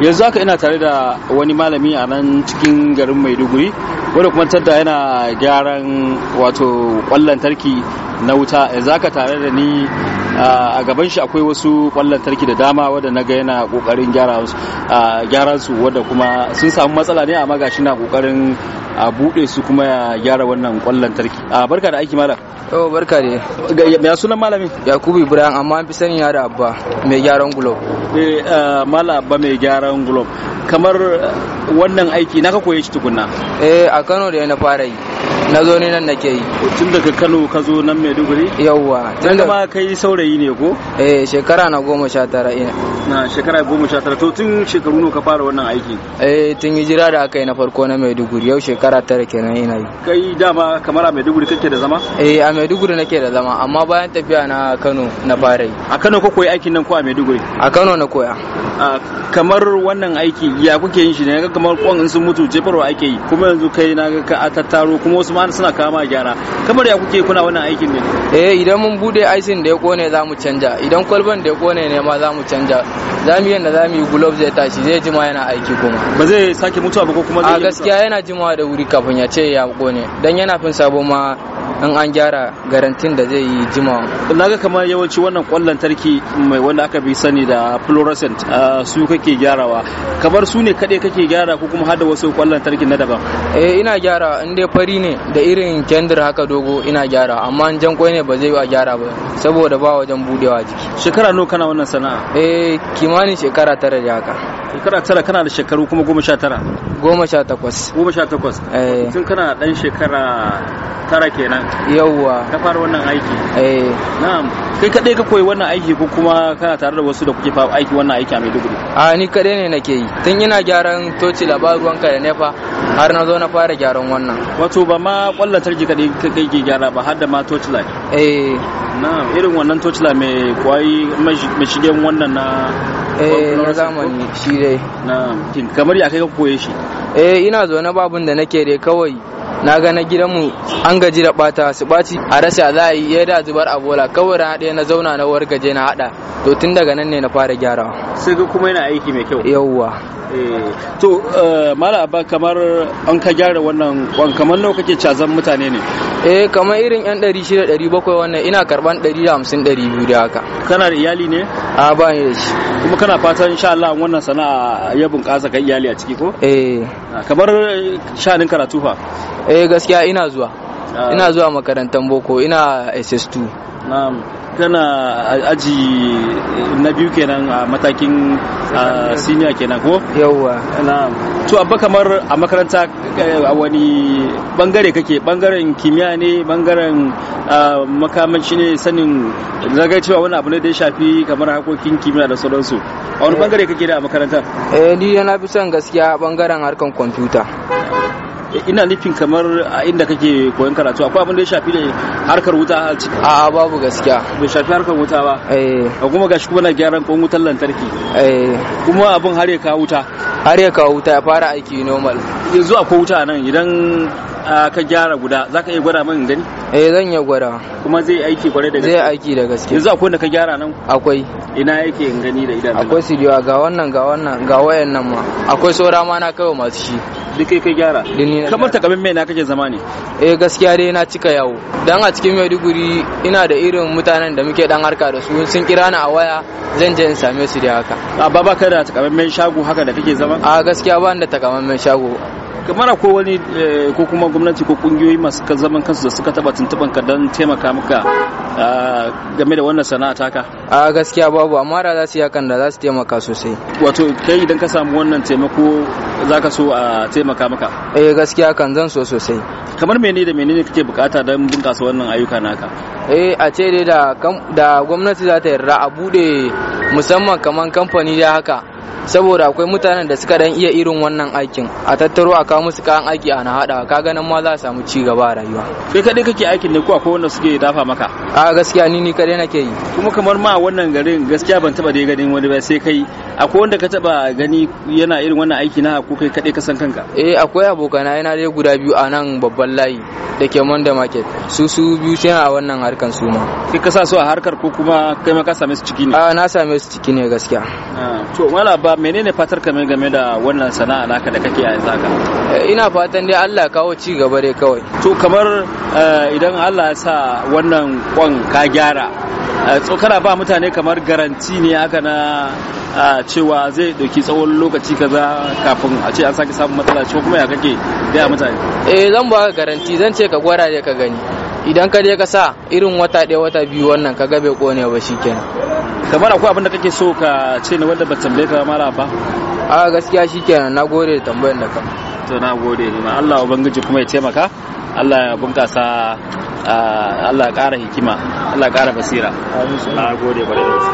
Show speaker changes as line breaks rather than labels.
yanzu haka ina tare da wani malami a nan cikin garin maiduguri wadda kuma tadda yana gyaran wato kwallon tarki na wuta yanzu haka tare da ni a gaban shi akwai wasu kwallon tarki da dama wadda na ga yana kokarin gyara su wadda kuma sun samu matsala ne amma gashi na kokarin a bude su kuma ya gyara wannan kwallon tarki a barka da aiki malam yau barka ne ya sunan malamin yakubu ibrahim amma an fi sani ya da abba mai gyaran gulo Eh, eh, mala ba mai gyaran gulob kamar eh, wannan aiki na ka koye shi tukunna eh a kano da na fara yi na zo ni nan nake yi tun daga kano ka zo nan maiduguri yawwa tun da ma kai saurayi ne ko eh shekara na goma sha tara ina na shekara goma sha tara to tun shekaru nawa ka fara wannan aiki eh tun hijira da aka yi na farko na maiduguri yau shekara tara kenan ina yi kai dama kamar a maiduguri kake da zama eh a maiduguri nake da zama amma bayan tafiya na kano na fara yi a kano ko koyi aikin nan ko a maiduguri a kano na koya kamar wannan aiki ya kuke yin shi ne kamar kwan sun mutu jefarwa ake yi kuma yanzu kai na ga ka tattaro kuma wasu amma suna kama gyara kamar ya kuke kuna wannan aikin ne eh idan mun bude aisin da ya kone za mu canja idan kwalban da ya kone ne ma za mu canja za mu yanda za mu yi glove zai tashi zai jima yana aiki kuma ba zai sake mutuwa ba ko kuma zai a gaskiya yana jimawa da wuri kafin ya ce ya kone dan yana fin sabo ma in an gyara garantin da zai yi jima. Na ga kamar yawanci wannan kwallon tarki mai wanda aka fi sani da fluorescent su kake gyarawa kamar su ne kaɗai kake gyara ko kuma hada wasu kwallon tarki na daban eh ina gyara in dai fari ne da irin kendir haka dogo ina gyara amma jan ne ba zai yi a gyara ba saboda ba wajen budewa jiki shekara nawa kana wannan sana'a eh kimanin shekara tara da haka shekara tara kana da shekaru kuma goma sha tara goma sha takwas goma sha takwas eh. tun kana dan shekara tara kenan yawwa ka fara wannan aiki eh na'am kai kadai ka koyi wannan aiki ko kuma kana tare da wasu da kuke fa aiki wannan aiki a Maiduguri a ni kadai ne nake yi tun ina gyaran toci labaruwan ka da nefa har na zo na fara gyaran wannan wato ba ma kwallatar ji kadai kai ke gyara ba har da ma toci la. eh na'am irin wannan toci la mai kwai mai shige wannan na eh na zamani shi dai na'am kamar ya kai ka koye shi eh ina zo na babun da nake dai kawai na ga na gidanmu an gaji da bata su baci a rasa za a yi ya da zubar a bola kawai rana ɗaya na zauna na gaje na hada to tun daga nan ne na fara gyara. sai ga kuma yana aiki mai kyau yawwa eh. to eh, mala abba kamar an ka gyara wannan kwan kamar nawa kake cazan mutane ne eh kamar irin yan 600 700 wannan ina karban 150 200 da haka kana da iyali ne a ba ni da shi kuma kana fatan insha Allah wannan sana'a ya bunƙasa kan iyali a ciki ko eh ah, kamar eh, sha'anin karatu fa eh gaskiya ina zuwa ah. ina zuwa makarantar boko ina ss2 na'am kana aji na biyu kenan a matakin ah, senior kenan ko yawwa na'am to abba kamar a makaranta eh, a wani bangare kake bangaren kimiyya ne bangaren ah, makamanci ne sanin zagar cewa wani abu ne da ya shafi kamar harkokin kimiyya da sauransu a wani eh. bangare kake da a makaranta eh ni na fi son gaskiya bangaren harkan kwamfuta ina nufin kamar a inda kake koyon karatu akwai abin da ya shafi ne harkar wuta a ciki a babu gaskiya bai shafi harkar wuta ba eh kuma gashi kuma na gyaran kon wutar lantarki eh kuma abin har ya kawo wuta har ya kawo wuta ya fara aiki normal yanzu akwai wuta nan idan ka gyara guda za ka iya gwada min gani eh zan iya gwada kuma zai aiki kwarai da gaske zai aiki da gaske yanzu akwai da ka gyara nan akwai ina yake in gani da idan akwai siriwa ga wannan ga wannan ga wayan nan ma akwai saura ma na kawo masu shi duk kai ka gyara kamar takabin mai na kake zama ne eh gaskiya dai na cika yawo dan a cikin Maiduguri ina da irin mutanen da muke dan harka da su sun kira ni a waya zan je in same su da haka a baba kada da takabin mai shago haka da kake zama daban a gaskiya ba da takamaiman shago kamar ko wani eh, ko kuma gwamnati ko kungiyoyi masu zaman kansu da suka taba tuntuban ka don taimaka maka game da wannan sana'a taka a gaskiya babu amma da za su yi hakan da za su taimaka sosai wato kai idan ka samu wannan taimako za ka so a taimaka maka eh gaskiya kan zan so sosai kamar menene da menene kake bukata don bunkasa wannan ayyuka naka eh a ce dai da gwamnati za ta yarda a bude musamman kamar kamfani da haka saboda akwai mutanen da suka dan iya irin wannan aikin a tattaro a kawo musu kayan aiki ana hada ka ganin ma za a samu ci gaba a rayuwa kai kadai kake aikin ne ko akwai wanda suke dafa maka a gaskiya ni ni kadai nake yi kuma kamar ma wannan garin gaskiya ban taba dai ganin wani ba sai kai akwai wanda ka taba gani yana irin wannan aiki na ko kai kaɗai kasan kanka eh akwai abokana yana dai guda biyu a nan babban layi da ke monda market su su biyu sai a wannan harkan su ma kai ka sa su a harkar ko kuma kai ma ka same su ciki ne a ah, na same su ciki ne gaskiya ah, to wala ba menene fatar ka game da wannan sana'a naka da kake yanzu haka eh, ina fatan dai Allah kawo ci gaba dai kawai to kamar eh, idan Allah ya sa wannan kwan ka gyara eh, tsokara ba mutane kamar garanti ne haka na ah, cewa zai dauki tsawon lokaci kaza kafin a ce an sake samun matsala ko kuma ya kake gaya mutane eh zan ba ka garanti zan ce ka gwada da ka gani idan ka je ka sa irin wata ɗaya wata biyu wannan ka gabe kone ba kenan kamar akwai abin da kake so ka ce ne wanda ba tambaye ka mara ba a gaskiya kenan na gode da tambayar da ka to na gode ne Allah ubangiji kuma ya taimaka Allah ya bunkasa ah, Allah ya ƙara hikima Allah ya kara basira na gode bare